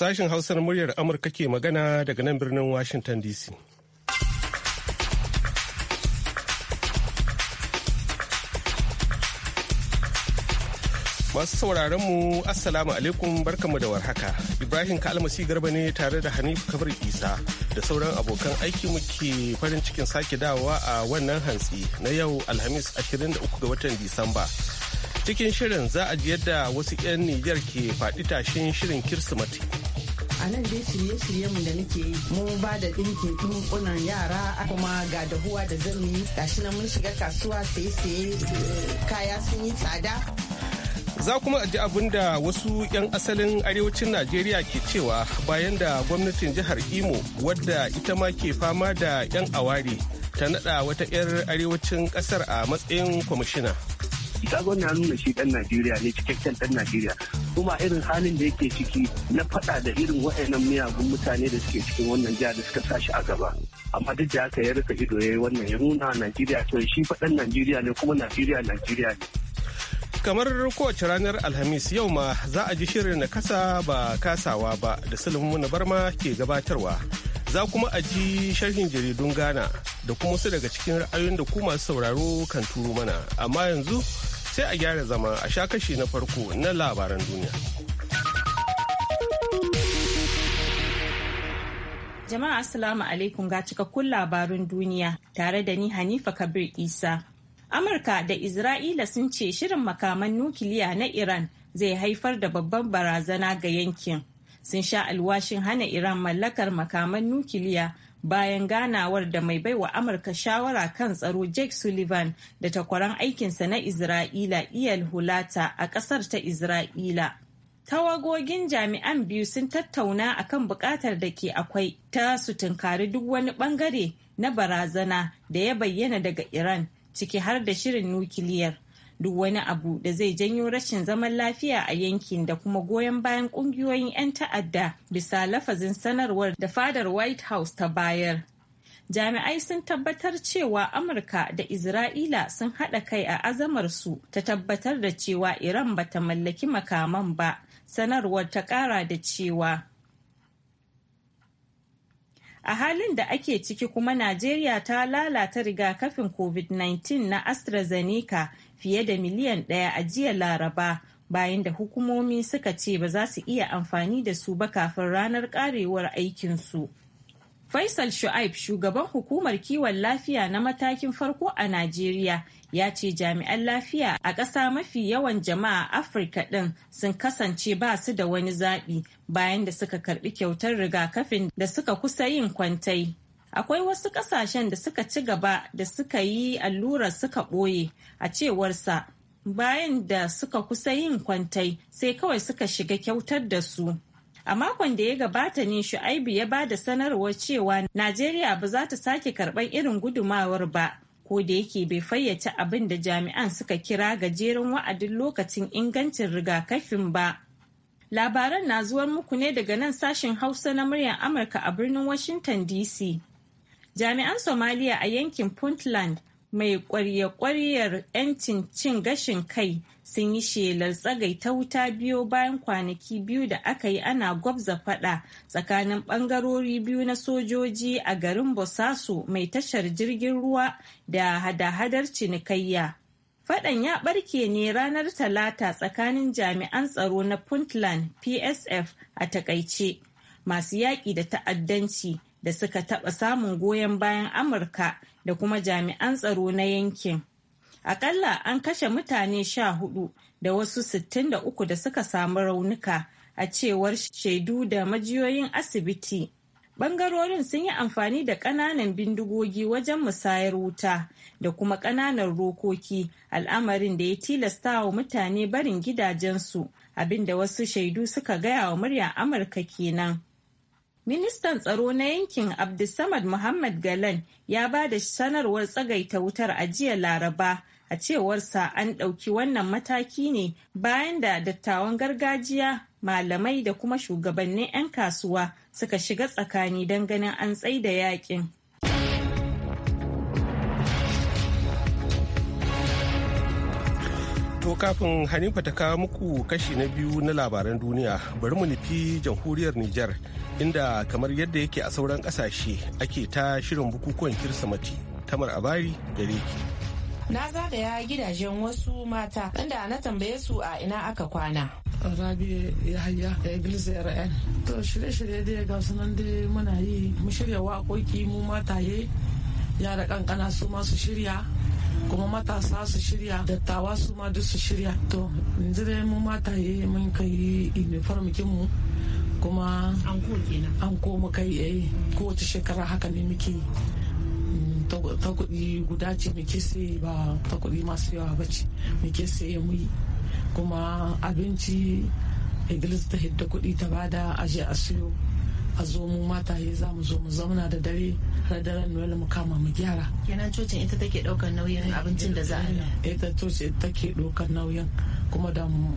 Sashen Hausar muryar Amurka ke magana daga nan birnin Washington DC. Masu sauraron mu Assalamu alaikum barkanmu da warhaka. Ibrahim Kalmasi Garba ne tare da hanifu Kabir Isa da sauran abokan aiki muke farin cikin sake dawowa a wannan hantsi na yau Alhamis 23 ga watan Disamba. Cikin shirin za a ji yadda wasu 'yan Nijar ke faɗi tashin shirin Kirsimati. a nan dai shirye-shirye mu da nake yi mu ba da ɗinkin ɗinkunan yara kuma ga dahuwa da zan yi gashi nan mun shiga kasuwa saye-saye kaya sun yi tsada za kuma a ji abin da wasu 'yan asalin arewacin najeriya ke cewa bayan da gwamnatin jihar imo wadda ita ma ke fama da 'yan aware ta nada wata 'yar arewacin kasar a matsayin kwamishina ciki kaga nuna shi dan Najeriya ne cikakken dan Najeriya kuma irin halin da yake ciki na faɗa da irin waɗannan miyagun mutane da suke cikin wannan jihar da suka sashi a gaba amma duk da haka ya rika ido ya wannan ya nuna Najeriya to shi faɗan Najeriya ne kuma Najeriya Najeriya ne kamar kowace ranar alhamis yau ma za a ji shirin na kasa ba kasawa ba da sulhun barma ke gabatarwa za kuma a ji sharhin jaridun ghana da kuma su daga cikin ra'ayoyin da ku masu sauraro kan turu mana amma yanzu sai a gyara zama a sha kashi na farko na labaran duniya. Jama'a Assalamu alaikum ga cikakkun labarun duniya tare da ni Hanifa Kabir Isa. Amurka da Isra'ila sun ce shirin makaman nukiliya na Iran zai haifar da babban barazana ga yankin. Sun sha alwashin hana Iran mallakar makaman nukiliya bayan ganawar da mai baiwa amurka shawara kan tsaro jake sullivan da takwaran aikinsa na isra'ila iyal hulata a kasar ta isra'ila tawagogin jami'an biyu sun tattauna akan bukatar da ke akwai ta su tunkari duk wani bangare na barazana da ya bayyana daga iran ciki har da shirin nukiliyar duk wani abu da zai janyo rashin zaman lafiya a yankin da kuma goyon bayan kungiyoyin 'yan ta'adda bisa lafazin sanarwar da fadar white house ta bayar jami'ai sun tabbatar cewa amurka da isra'ila sun haɗa kai a azamarsu ta tabbatar da cewa iran bata mallaki makaman ba sanarwar ta ƙara da cewa A halin da ake ciki kuma Najeriya ta lalata rigakafin COVID-19 na AstraZeneca fiye da miliyan ɗaya a jiya Laraba bayan da hukumomi suka ce ba za su iya amfani da su ba kafin ranar karewar aikinsu. Faisal Shu'aib shugaban hukumar kiwon lafiya na matakin farko a Najeriya ya ce jami'an lafiya a ƙasa mafi yawan jama'a Afirka ɗin sun kasance ba su da wani zaɓi bayan da suka karɓi kyautar rigakafin da suka kusa yin kwantai. Akwai wasu ƙasashen da suka ci gaba da suka yi allurar suka ɓoye a cewarsa bayan da suka kusa yin kwantai sai kawai suka shiga kyautar da su. A makon da ya gabata ne Shu'aibu ya ba da sanarwar cewa Najeriya ba za ta sake karɓar irin gudumawar ba. Ko da yake bai fayyace abin da jami'an suka kira gajeren wa'adin lokacin ingancin rigakafin ba. Labaran na zuwar muku ne daga nan sashen Hausa na muryar Amurka a birnin Washington DC. Jami'an Somaliya a yankin Puntland mai kwarya-kwaryar 'yancin cin gashin kai sun yi shelar tsagaita wuta biyu bayan kwanaki biyu da aka yi ana gwabza fada tsakanin bangarori biyu na sojoji a garin bosaso mai tashar jirgin ruwa da hada-hadar cinikayya fadan ya barke ne ranar talata tsakanin jami'an tsaro na puntland psf a takaice masu yaƙi da ta'addanci da suka taɓa samun goyon bayan amurka da kuma jami'an tsaro na yankin. Akalla an kashe mutane sha hudu da wasu sittin da uku da suka samu raunuka a cewar shaidu da majiyoyin asibiti. Bangarorin sun yi amfani da ƙananan bindigogi wajen musayar wuta da kuma ƙananan rokoki al'amarin da ya tilasta wa mutane barin gidajensu abinda wasu shaidu suka gaya wa muryar Amurka kenan. Ministan tsaro na yankin Abdulsamad Muhammad Galan ya ba da sanarwar tsagaita wutar a jiya Laraba a cewarsa an ɗauki wannan mataki ne bayan da dattawan gargajiya malamai da kuma shugabannin 'yan kasuwa suka shiga tsakani don ganin an tsaida yakin. To kafin Hanifa ta kawo muku kashi na biyu na labaran duniya bari mu nufi jamhuriyar Nijar inda kamar yadda yake a sauran kasashe ake ta shirin bukukuwan Kirsimati tamar abari gare ki. Na zagaya gidajen wasu mata inda na tambaye su a ina aka kwana. rabi yahaya ya rn to shirye-shirye dai ga nan dai muna yi mu shirya waƙoƙi mu mataye yara kankana su masu shirya kuma matasa su shirya dattawa su ma duk su shirya to yanzu dai mu mataye mun kai uniform mu kuma an ko mu kai eh kowace shekara haka ne muke mm, ta kuɗi guda ce muke sai ba ta kuɗi masu yawa ba ce muke sai mu yi kuma abinci iglis ta hidda kuɗi ta bada aje a siyo a zo mu mataye za mu zo mu zauna da dare har daren noel mu kama mu gyara kenan cocin ita take daukar nauyin eh, abincin da za a ita cocin ita take daukar nauyin kuma da mu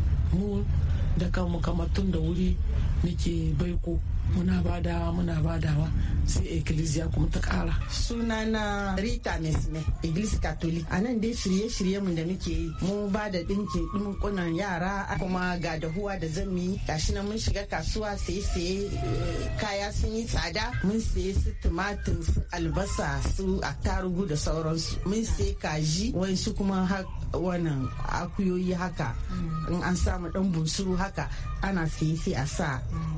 da kanmu kamar tun da wuri nake baiko muna badawa muna badawa sai ecclesia kuma ta kara sunana rita mesme iglis catholic a nan dai shirye-shirye mu da muke yi mu ba da dinki dinkunan yara kuma ga dahuwa da yi gashi nan mun shiga kasuwa sai sai eh, kaya sun yi tsada mun saye su tumatir su albasa su attarugu da sauransu mun saye kaji wasu kuma wannan akuyoyi haka mm. in an samu dan bunsuru haka ana saye sai a sa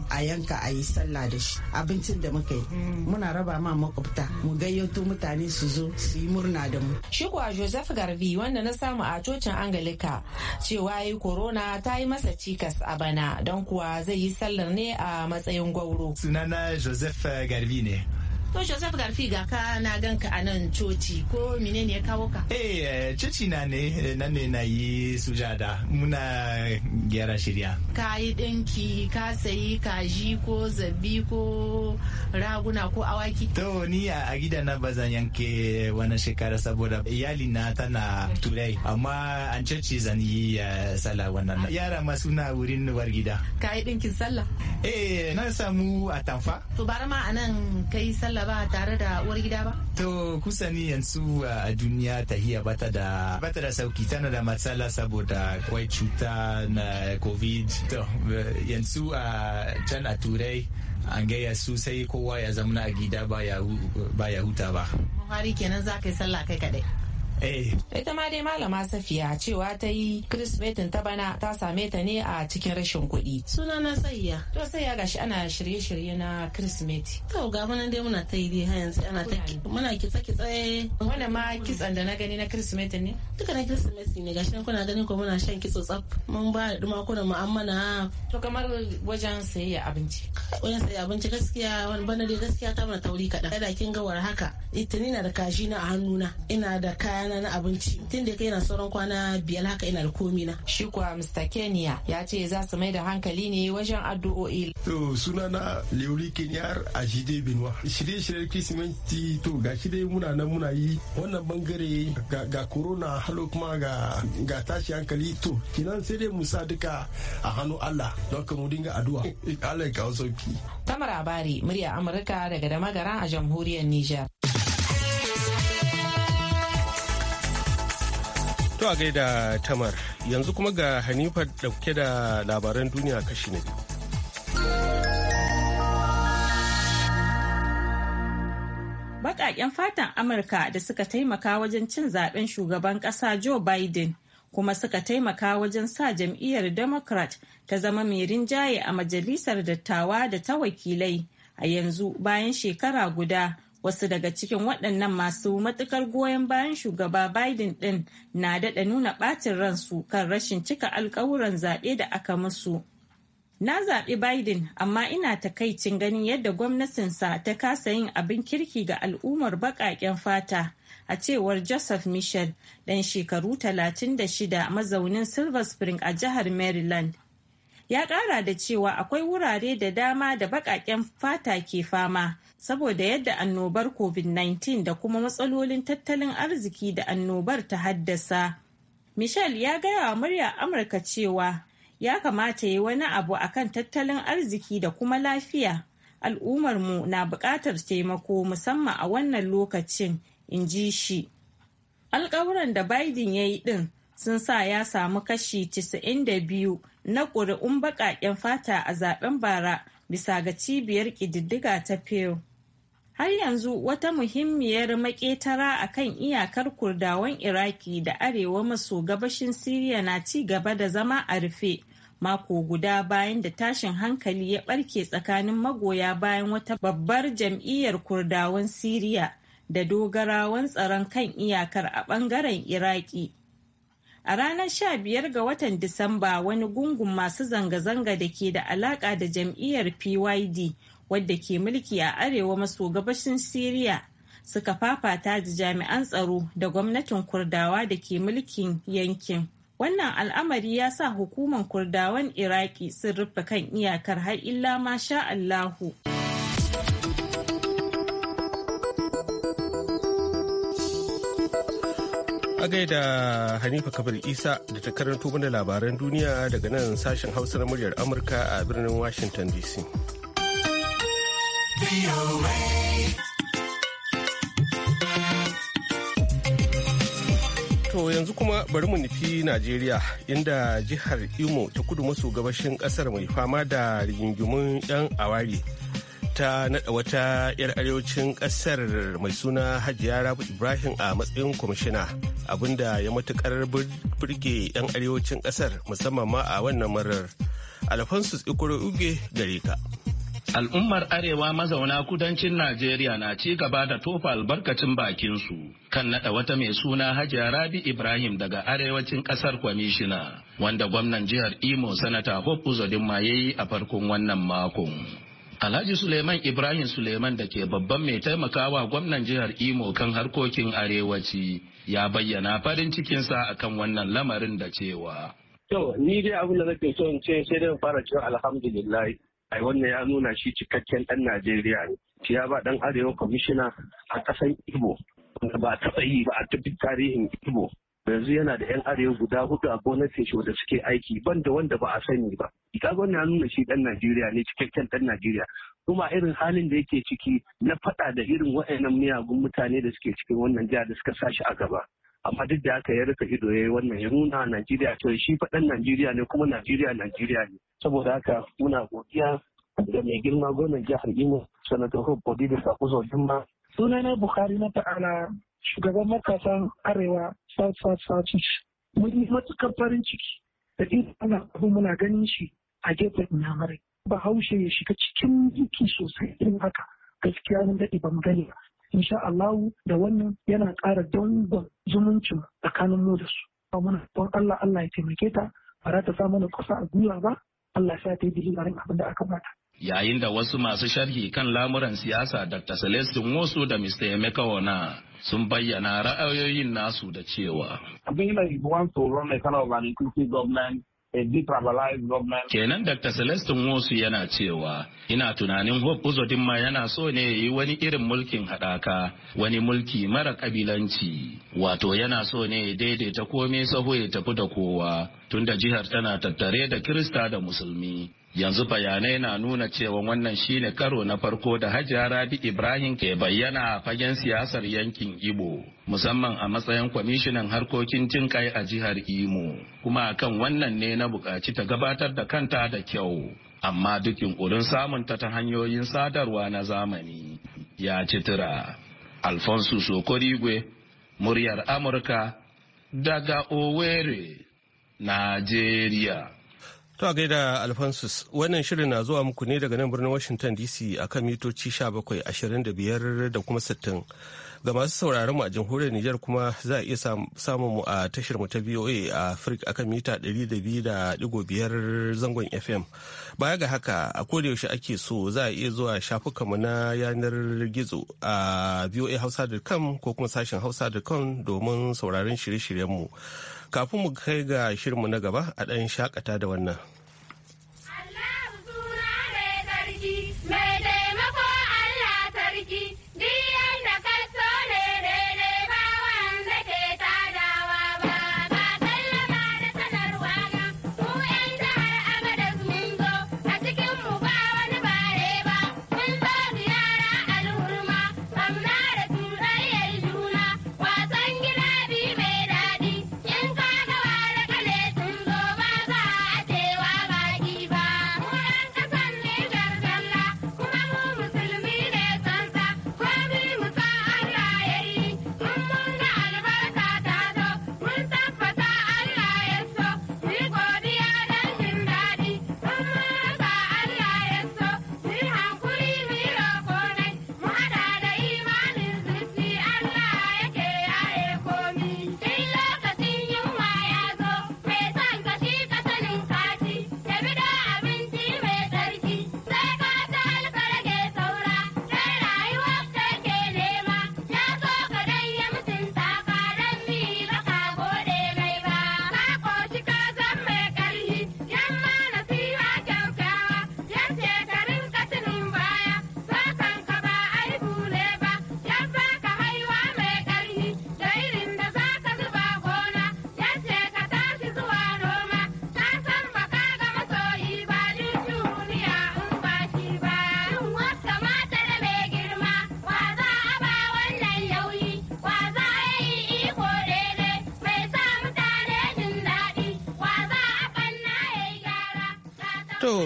a yanka a yi sallah da shi abincin da muka yi mm. muna raba ma makwabta mu gayyato mutane su zo su yi murna da mu shi kuwa joseph garvey wanda na samu a cocin angalika cewa yi corona ta yi masa cikas a bana don kuwa zai yi sallar ne a matsayin gwauro sunana joseph garvey ne To Joseph Garfi ga ka na ganka a nan coci ko ne ya kawo ka? Eh, eh coci na ne eh, nan ne na yi sujada muna gyara shirya. Ka yi ɗinki ka sayi kaji ko zabi ko raguna ko awaki. To ni a gida na bazan yanke wani shekara saboda iyali na tana turai amma an coci zan yi eh, sallah wannan. Yara ma suna wurin war gida. Ka yi ɗinkin sallah? Eh na samu atamfa. To bara ma a nan kai sallah tahiya tare da uwar gida ba? To kusani yanzu a duniya tahiya bata da bata da sauki tana da matsala saboda kwai cuta na covid. To eh, yanzu a can a turai an gaya su sai kowa ya zamana a gida ba ya huta ba. Buhari kenan za ka yi sallah kai kaɗai. Eh. ita ma dai malama safiya cewa ta yi kirismetin ta bana ta same ta ne a cikin rashin kuɗi suna na sayya to sayya gashi ana shirye-shirye na kirismeti to ga mana dai muna ta yi dai hayan yanzu ana ta muna kitsa kitsa wanda ma kitsan da na gani na kirismetin ne duka na kirsimeti ne gashi kuna gani ko muna shan kitso tsaf mun ba da duma kuna mu'amala to kamar wajen sayayya abinci wajen sayayya abinci gaskiya wani bana dai gaskiya ta mana tauri kaɗan kada kin ga war haka itini na da kashi na a hannuna ina da kaya rana na abinci tun da kai na sauran kwana biyar haka ina da komi na shi kuwa Mr Kenya ya ce za su mai da hankali ne wajen addu'o'i to sunana Leuri Kenyar a Jide Benwa shirye shirye Kirsimeti to ga shi dai muna nan muna yi wannan bangare ga corona halo kuma ga tashi hankali to kinan sai dai musa duka a hannu Allah don ka mu dinga addu'a Allah ya kawo sauki Tamara Abari murya Amurka daga Damagara a jamhuriyar Nijar. To a gaida tamar yanzu kuma ga Hanifa dauke da labaran duniya kashi na biyu. Baƙaƙen fatan Amurka da suka taimaka wajen cin zaben shugaban ƙasa Joe Biden kuma suka taimaka wajen sa jam'iyyar Democrat ta zama mai rinjaye a majalisar dattawa da ta wakilai a yanzu bayan shekara guda Wasu daga cikin waɗannan masu matukar goyon bayan shugaba Biden ɗin na daɗa nuna ɓacin ransu kan rashin cika alkawuran zaɓe da aka musu. Na zaɓi Biden, amma ina takaicin ganin yadda gwamnatinsa ta kasa yin abin kirki ga al'ummar baƙaƙen fata, a cewar Joseph Michel, ɗan shekaru 36 mazaunin Silver Spring a jihar Maryland. ya kara da cewa akwai wurare da dama da bakaken fata ke fama saboda yadda annobar covid-19 da kuma matsalolin tattalin arziki da annobar ta haddasa michel ya gaya wa murya amurka cewa ya kamata yi wani abu akan tattalin arziki da kuma lafiya al'ummarmu na buƙatar taimako musamman a wannan lokacin in ji shi alkawuran da biden ya yi din sun sa ya samu kashi 92 na ƙuri'un baƙaƙen fata a zaben bara bisa ga cibiyar ƙididdiga ta pew har yanzu wata muhimmiyar maƙetara a kan iyakar kurdawan iraki da arewa maso gabashin siriya na ci gaba da zama a rufe mako guda bayan da tashin hankali ya ɓarke tsakanin magoya bayan wata babbar jam'iyyar kurdawan siriya da dogarawan tsaron kan iyakar a ɓangaren iraki A ranar 15 ga watan Disamba wani gungun masu zanga-zanga da ke da alaƙa da jam'iyyar PYD wadda ke mulki a arewa maso gabashin Siriya suka fafata da jami'an tsaro da gwamnatin Kurdawa da ke mulkin yankin. Wannan al'amari ya sa hukumar Kurdawan Iraki sun rufe kan iyakar har illa masha Allahu. A gaida Hanifa Kabir Isa da ta karanto mana labaran duniya daga nan sashen Hausa na muryar Amurka a birnin Washington DC. To yanzu kuma bari mu nufi Najeriya inda jihar Imo ta kudu maso gabashin kasar mai fama da rigingimun 'yan awari ta naɗa wata 'yar arewacin ƙasar mai suna hajiya rabu ibrahim a matsayin kwamishina abinda ya matukar burge 'yan arewacin ƙasar musamman ma a wannan marar alfonsus ikoro uge gare ka Al'ummar Arewa mazauna kudancin Najeriya na ci gaba da tofa albarkacin bakinsu kan naɗa wata mai suna Hajiya Rabi Ibrahim daga arewacin ƙasar kwamishina, wanda gwamnan jihar Imo Sanata Hope Uzodinma ya yi a farkon wannan makon. Alhaji Suleiman Ibrahim Suleiman da ke babban mai taimakawa gwamnan jihar Imo kan harkokin arewaci ya bayyana farin cikinsa akan wannan lamarin da cewa. To, ni dai abin da nake so in ce sai dai fara cewa alhamdulillah. Ai wannan ya nuna shi cikakken ɗan Najeriya ne. Ya ba ɗan Arewa kwamishina a kasan Igbo. Wanda ba taɓa yi ba a tafi tarihin Igbo. yanzu yana da yan arewa guda hudu a gonar shi wanda suke aiki ban da wanda ba a sani ba ga wannan ya nuna shi dan Najeriya ne cikakken dan Najeriya kuma irin halin da yake ciki na faɗa da irin wa'annan miyagun mutane da suke cikin wannan jiha da suka shi a gaba amma duk da haka ya rika ido ya yi wannan ya nuna Najeriya to shi faɗan Najeriya ne kuma Najeriya Najeriya ne saboda haka muna godiya da mai girma gwamnan jihar Imo sanata Hope Odile Sakuzo Jumma sunana Bukhari na ta'ala shugaban matasan arewa south south south mun yi matukar farin ciki da ɗin ana abu muna ganin shi a gefen ba haushe ya shiga cikin jiki sosai irin haka gaskiya mun daɗe ban gani ba insha Allah da wannan yana ƙara dangon zumuncin tsakanin mu da su muna don Allah Allah ya taimake ta ba za ta sa mana kusa a gwiwa ba Allah ya sa ta yi bilin abin da aka bata yayin da wasu masu sharhi kan lamuran siyasa Dr. Celestin Wosu da Mr. Emeka Ona sun bayyana ra'ayoyin nasu da cewa. Kenan Dr. Celestin Wosu yana cewa, ina tunanin Hope ma yana so ne ya yi wani irin mulkin haɗaka, wani mulki mara ƙabilanci, wato yana so ne ya daidaita komai saho ya tafi da kowa. tunda jihar tana tattare da Kirista da Musulmi. Yanzu bayanai na nuna cewa wannan shine karo na farko da Hajiya Rabi Ibrahim ke bayyana a fagen siyasar yankin Igbo, musamman a matsayin kwamishinan harkokin jinkai a jihar Imo. Kuma akan wannan ne na buƙaci ta gabatar da kanta da kyau, amma duk yunkurin samunta ta hanyoyin sadarwa na zamani. Ya ci tura. Alfonso Sokorigwe, muryar Amurka, daga Owerri. Najeriya. To gaida Alphonsus, wannan shirin na zuwa muku ne daga nan birnin Washington DC a kan mitoci 1725 da kuma 60. Ga masu sauraron mu a jamhuriyar Nijar kuma za a iya samun mu a tashar mu ta VOA a Africa akan mita 200.5 zangon FM. Baya ga haka a yaushe ake so za a iya zuwa mu na yanar gizo a voahausa.com ko kuma sashen hausa.com domin sauraron shirye-shiryen mu. kafin mu kai ga shirinmu na gaba a ɗan shakata da wannan.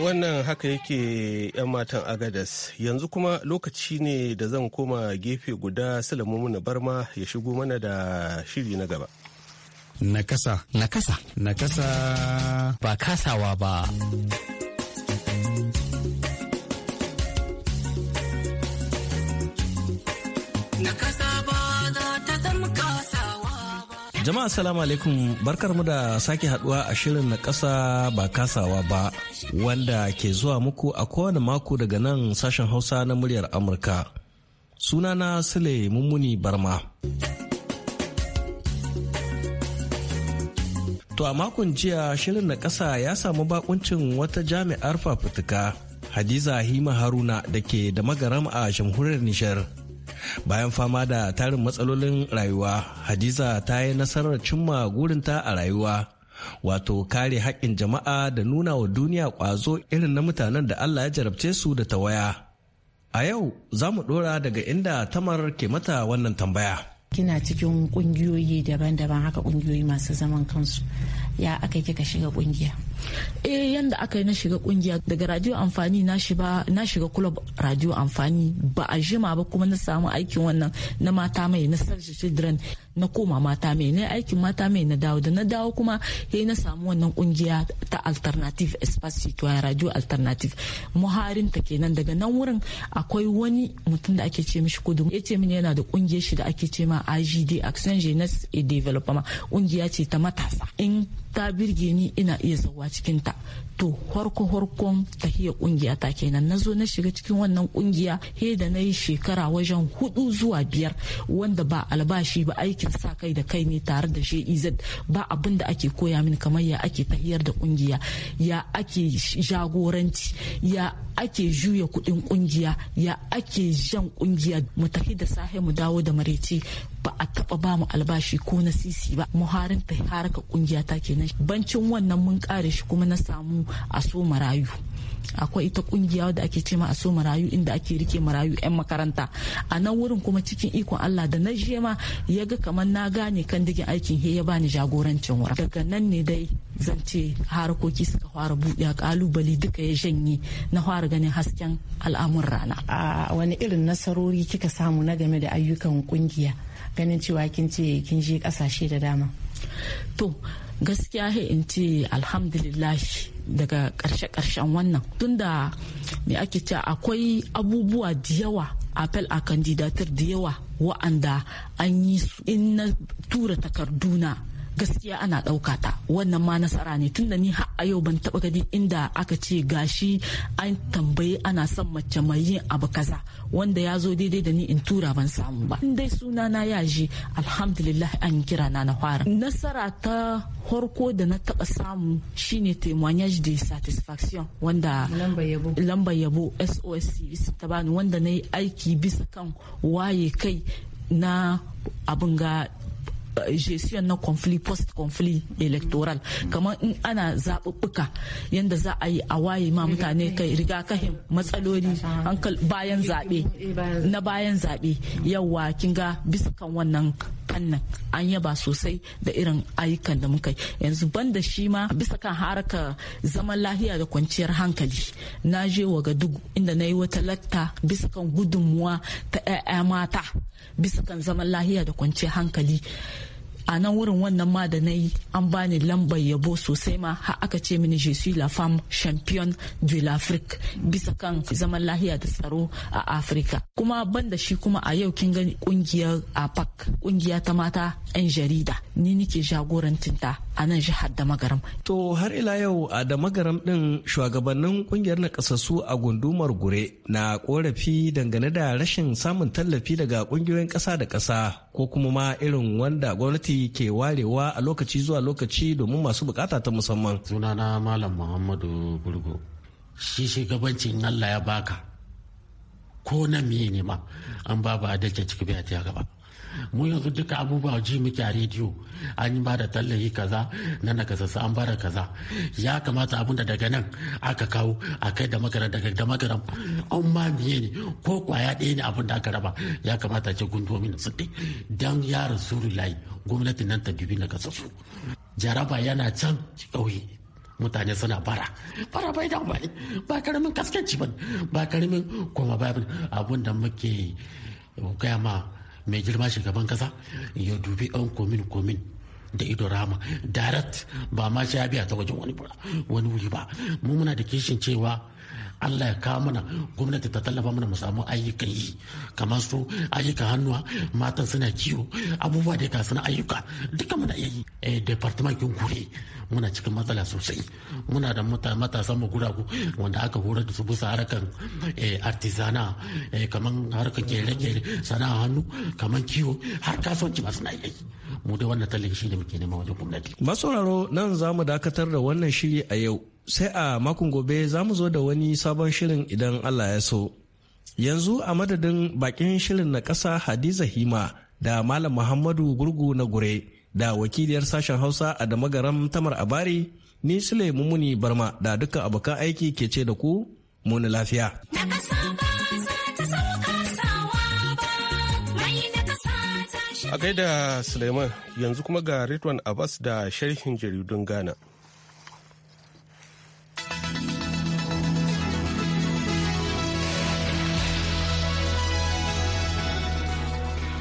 wannan haka yake 'yan matan agadas yanzu kuma lokaci ne da zan koma gefe guda na barma ya shigo mana da shiri na gaba nakasa nakasa nakasa ba kasawa ba Jama'a salamu alaikum barkar mu da sake haduwa a shirin na kasa ba kasawa ba wanda ke zuwa muku a kowane mako daga nan sashen hausa na muryar Amurka. Sunana Sule Mummuni Barma. To a makon jiya shirin na kasa ya samu bakuncin wata jami'ar fafutuka Hadiza Hima Haruna da ke da magaram a jamhuriyar Nijar. bayan fama da tarin matsalolin rayuwa hadiza ta yi nasarar cimma gurinta a rayuwa wato kare haƙƙin jama'a da nuna wa duniya ƙwazo irin na mutanen da allah ya jarabce su da tawaya a yau za mu ɗora daga inda tamar ke mata wannan tambaya kina cikin ƙungiyoyi daban-daban haka ƙungiyoyi masu zaman kansu ya aka kika shiga ƙungiya. eh yanda aka yi na shiga kungiya daga radio amfani na shiga club radio amfani ba a jima ba kuma na samu aikin wannan na mata mai na sarge children na koma mata mai na aikin mata mai na dawo da na dawo kuma sai na samu wannan kungiya ta alternative espace to radio alternative muharin ta kenan daga nan wurin akwai wani mutum da ake ce mishi kudu ya ce mini yana da kungiyar shi da ake ce ma IGD Action Jeunesse et Development kungiya ce ta matasa in ta birge ni ina iya zawa cikin ta to horko horkon hiya kungiya ta kenan na zo na shiga cikin wannan kungiya he da na yi shekara wajen hudu zuwa biyar wanda ba albashi ba aiki aikin sa kai da kai ne tare da shi ba abin da ake koya min kamar ya ake tahiyar da kungiya ya ake jagoranci ya ake juya kudin kungiya ya ake jan kungiya mu tafi da sahi mu dawo da mareci ba a taba ba mu albashi ko na sisi ba mu harin ta haraka kungiya ta kenan bancin wannan mun kare shi kuma na samu a so marayu akwai ita kungiya da ake ce a so marayu inda ake rike marayu 'yan makaranta a nan wurin kuma cikin ikon Allah da na je ma ya ga kamar na gane kan digin aikin he ya bani jagorancin wurin daga nan ne dai zan ce harkoki suka fara buɗe kalubale duka ya janye na fara ganin hasken al'amun rana a wani irin nasarori kika samu na game da ayyukan kungiya ganin cewa kin ce kin je kasashe da dama to gaskiya he in ce alhamdulillah daga karshe-karshen wannan tunda me ake ce akwai abubuwa da yawa apel a candidatar da yawa wa'anda an yi su in na tura takarduna gaskiya ana ɗauka ta wannan ma nasara ne tunda ni har a yau ban taɓa gani inda aka ce gashi an tambayi ana son mace mai yin abu kaza wanda ya zo daidai da ni in tura ban samu ba in dai suna na ya ji alhamdulillah an kira na na fara nasara ta farko da na taɓa samu shine témoignage de satisfaction wanda lambar yabo bisa ta bani wanda na yi aiki bisa kan waye kai na abin ga gestion eh, na conflict post conflict electoral kamar in ana zaɓuɓɓuka yadda za a yi a waye ma mutane kai rigakafin matsaloli bayan zaɓe na bayan zaɓe yawa kin ga wannan fannin an yaba sosai da irin ayyukan da muka yi yanzu banda shi ma bisa kan haraka zaman lahiya da kwanciyar hankali na je ga duk inda na yi wata latta bisa kan gudunmuwa ta 'ya'ya mata bisa kan zaman lahiya da kwanciyar hankali a nan wurin wannan ma da na an bani lambar yabo sosai ma har aka ce mini je suis la femme champion de l'Afrique bisa kan zaman lahiya da tsaro a Afirka kuma ban da shi kuma a yau kin gani kungiyar APAC kungiya ta mata 'yan jarida ni nike jagorantinta a nan jihar da magaram. To har ila yau a da magaram ɗin shugabannin kungiyar nakasassu a gundumar gure na korafi dangane da rashin samun tallafi daga kungiyoyin kasa da kasa ko kuma ma irin wanda gwamnati ke warewa a lokaci zuwa lokaci domin masu bukata ta musamman. Sunana Malam Muhammadu Burgo. Shi shugabancin Allah ya baka ko na miye ne ma an ba ba adalci cikin biya ta gaba. mu yanzu duka abubuwa ji muke a rediyo an yi bada tallafi kaza na kasa an da kaza ya kamata abin da daga nan aka kawo a kai da magaran daga da magaran an ma miye ne ko kwaya ɗaya ne abin da aka raba ya kamata ce na su dan yaran suru layi gwamnatin nan ta bibi nakasassu jaraba yana can ƙauye mutane suna bara bara bai dan bai ba karamin kaskanci ba ba karamin koma ba abin da muke gaya ma mai girma shugaban kasa ya dubi 'yan komin komin da ido rama direct ba ma sai biya ta wajen wani wani wuri ba mu muna da kishin cewa Allah ya kawo mana gwamnati ta tallafa mana mu samu ayyukan yi kamar su ayyukan hannuwa matan suna kiwo abubuwa da ka suna ayyuka duka muna iya yi eh department kin kure muna cikin matsala sosai muna da matasan mu guragu wanda aka horar da su bisa harkan eh, artisana eh, kamar harkan kere-kere sana'a hannu kamar kiwo har kasuwanci ba suna iya yi mu dai wannan tallafi shi da muke nema wajen gwamnati. masauraro nan za mu dakatar da wannan shiri a yau sai a makon gobe za mu zo da wani sabon shirin idan allah ya so yanzu a madadin bakin shirin na ƙasa hadiza hima da malam muhammadu gurgu na gure da wakiliyar sashen hausa a damagaram tamar abari ni sule mumuni barma da dukkan abokan aiki ke ce da ku muni lafiya. Na a gaida Suleiman yanzu kuma ga Ritwan Abbas da sharhin jaridun Ghana.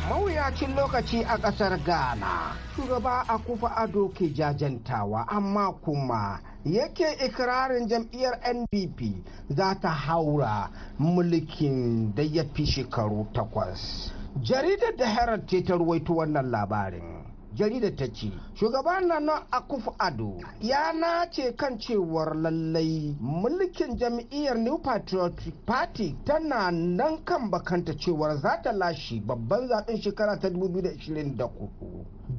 mawuyacin lokaci a ƙasar ghana shugaba a kufa ado ke jajantawa amma kuma yake ikirarin jam'iyyar npp za ta haura mulkin da ya fi shekaru takwas jaridar da herald ce ta ruwaito wannan labarin jaridar ta ce shugaban nana akufu ado ya nace kan cewar lallai mulkin jam'iyyar new patriotic party tana nan kan bakanta cewar za ta lashe babban zaben shekara ta 2024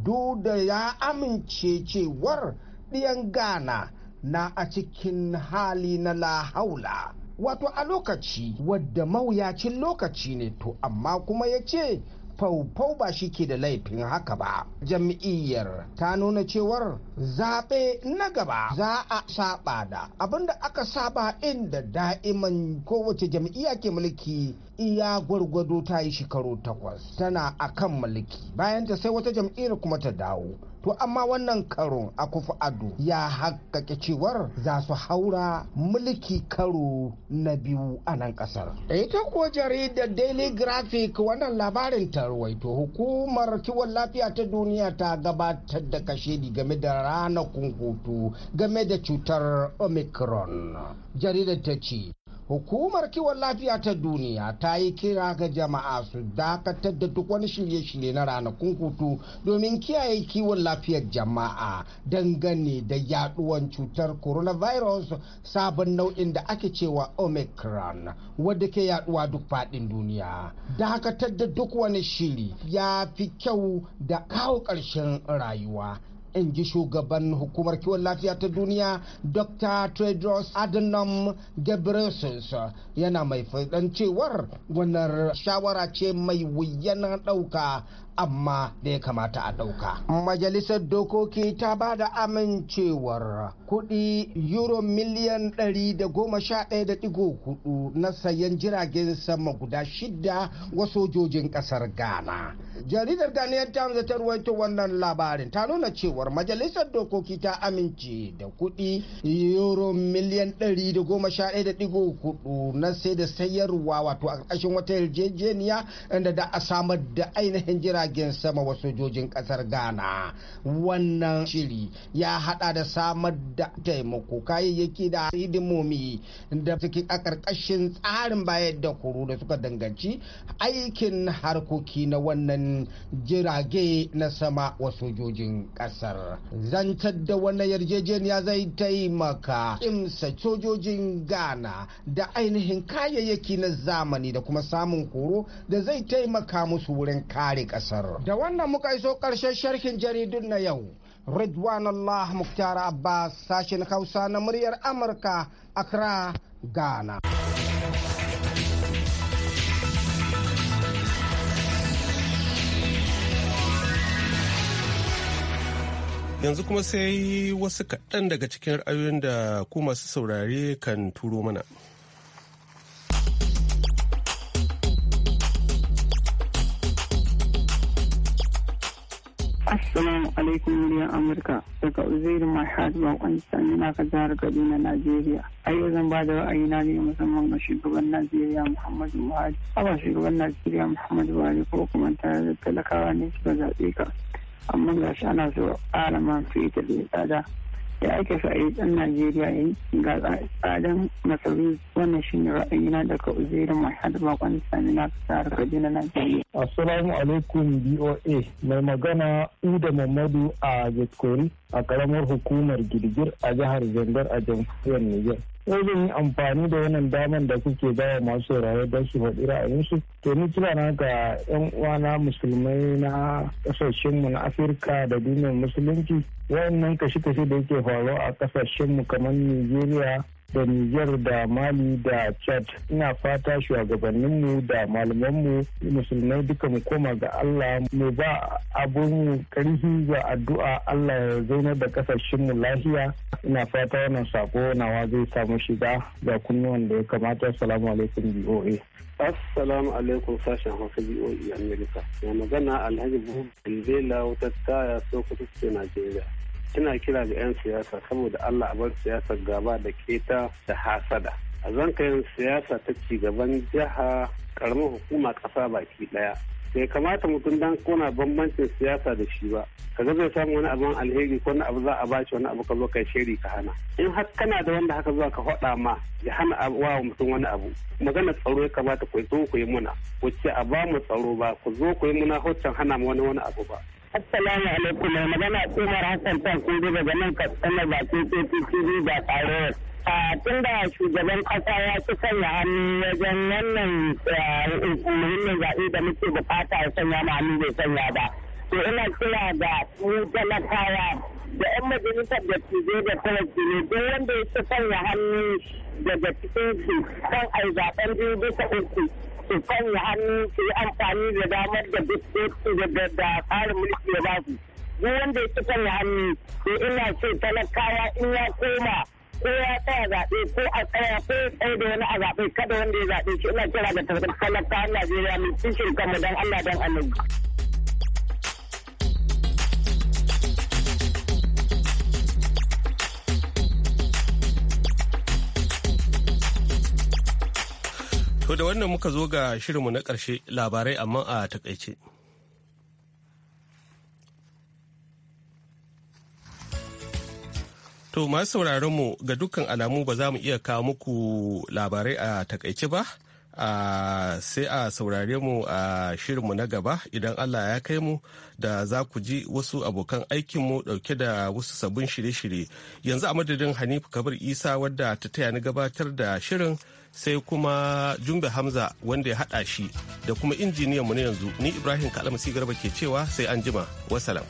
duda ya amince cewar ɗiyan ghana na a cikin hali na lahaula wato a lokaci wadda mawuyacin lokaci ne to amma kuma ya ce faufau ba shi ke da laifin haka ba jam'iyyar ta nuna cewar zaɓe na gaba za a saɓa da abinda aka saba inda da'iman kowace jam'iyya ke mulki iya gwargwado ta yi shekaru takwas tana akan mulki bayan ta sai wata jam'iyyar kuma ta dawo to amma wannan karo a kufu ado ya haƙaƙe cewar za su haura mulki karo na biyu a nan ƙasar ita kuwa jaridar daily graphic wannan labarin ta ruwaito hukumar kiwon lafiya ta duniya ta gabatar da kashedi game da ranakun hutu game da cutar omicron jaridar ta ce hukumar kiwon lafiya ta duniya ta yi kira ga jama'a su dakatar da duk wani shirye-shirye na ranakun hutu domin kiyaye kiwon lafiyar jama'a dangane da yaduwan cutar coronavirus sabon nau'in da ake cewa omicron wadda ke yaduwa duk fadin duniya dakatar da duk wani shiri ya fi kyau da kawo ƙarshen rayuwa in ji shugaban hukumar kiwon lafiya ta duniya dr tedros adhanom ghebreyesus yana mai faɗan cewar wannan shawara ce mai wuyan ɗauka amma da ya kamata a ɗauka. Majalisar dokoki ta ba da amincewar kuɗi euro miliyan 111.4 na sayan jiragen sama guda shida wa sojojin ƙasar Ghana. Jaridar Ghanaian Times ta ruwaito wannan labarin ta nuna cewar majalisar dokoki ta amince da kuɗi euro miliyan 111.4 na sai da sayarwa wato a ƙarƙashin wata yarjejeniya inda da a samar da ainihin jira jiragen sama wa sojojin kasar ghana wannan shiri ya hada da samar da taimako kayayyaki da hidimomi da suke a karkashin tsarin bayar da koro da suka danganci aikin harkoki na wannan jirage na sama wa sojojin kasar zantar da wannan yarjejeniya zai taimaka imsa sojojin ghana da ainihin kayayyaki na zamani da kuma samun koro da zai taimaka musu wurin kare kasa. kasar da wannan muka iso karshen sharhin jaridun na yau ridwan allah muktar abbas sashen hausa na muryar amurka accra ghana yanzu kuma sai wasu kaɗan daga cikin ra'ayoyin da ku masu saurare kan turo mana. Assalamu alaikum muryar Amurka daga Uzairu Mahad Bakon na ka jihar na Najeriya. A yau zan ba da na ne musamman ga shugaban Najeriya Muhammadu Buhari. Aba shugaban Najeriya Muhammadu Buhari ko kuma tare da talakawa ne suka zaɓe ka. Amma ga shi ana so ƙara man fetur da tsada. da ake sa'ayi ɗan najeriya ya yi ga tsadan masarufi wannan shi ne ra'ayina daga uzairu mai hada bakon sami na tsara kaduna najeriya assalamu alaikum boa mai magana uda mamadu a jatkori a karamar hukumar girgir a jihar zangar a jamhuriyar niger ko yi amfani da wannan daman da kuke bawa masu sauraro da su faɗi ra'ayinsu to ni kira na ga yan uwana musulmai na kasashenmu na afirka da duniyar musulunci wayannan kashe-kashe da yake faruwa a kasashenmu kamar nigeria da Niger da Mali da Chad. Ina fata shugabanninmu da malamanmu musulmai duka mu koma ga Allah mu ba abun karfi ga addu'a Allah ya zaunar da kasashenmu lafiya. Ina fata wannan sako nawa zai samu shiga ga kunnuwan da ya kamata. Assalamu alaikum BOA. Assalamu alaikum sashen Hausa BOA Amerika. Ya magana Alhaji Buhu Bela wata taya Sokoto ce Najeriya. ina kira ga 'yan siyasa saboda allah a bar siyasar gaba da keta da hasada a zankayin siyasa ta ci gaban jiha karamar hukuma kasa baki ɗaya. bai kamata mutum dan kona bambancin siyasa da shi ba ka ga zai samu wani abin alheri ko wani abu za a bashi wani abu ka zo kai shiri ka hana in har kana da wanda haka zuwa ka faɗa ma ya hana wa mutum wani abu magana tsaro ya kamata ku zo ku yi muna ku ce a ba mu tsaro ba ku zo ku yi muna hoccan hana mu wani wani abu ba Assalamu alaikum mai magana Umar Hassan Tan Kundu daga nan Katsina bakin KTTV ba tare tun da shugaban kasa ya ci sanya hannu wajen wannan eh, muhimmin zaɓe da muke bukata ya sanya ma hannu bai sanya ba. To ina kira da mu talakawa da 'yan majalisar da zo da talaki ne duk wanda ya ci sanya hannu daga cikin su kan ai zaɓen biyu bisa uku su sanya hannu su yi amfani da damar da duk da tsarin mulki ya ba su wanda ya ci sanya hannu to ina ce talakawa in ya koma ko ya tsaya zaɓe ko a tsaya ko tsaye da wani a zaɓe kada wanda ya zaɓe shi ina kira da talakawa Najeriya mai kishin kama don Allah don annabi. To da wannan muka zo ga shirinmu na ƙarshe labarai amma a takaice. To masu sauraronmu ga dukkan alamu ba za mu iya kawo muku labarai a takaice ba. sai a saurare mu a shirinmu na gaba idan Allah ya kai mu da za ku ji wasu abokan aikinmu dauke da wasu sabbin shirye-shirye yanzu a madadin Hanifu Kabir Isa wadda ta taya ni gabatar da shirin sai kuma Jumbe Hamza wanda ya hada shi da kuma mu na yanzu ni Ibrahim Kalamasi Garba ke cewa sai an jima wasalam.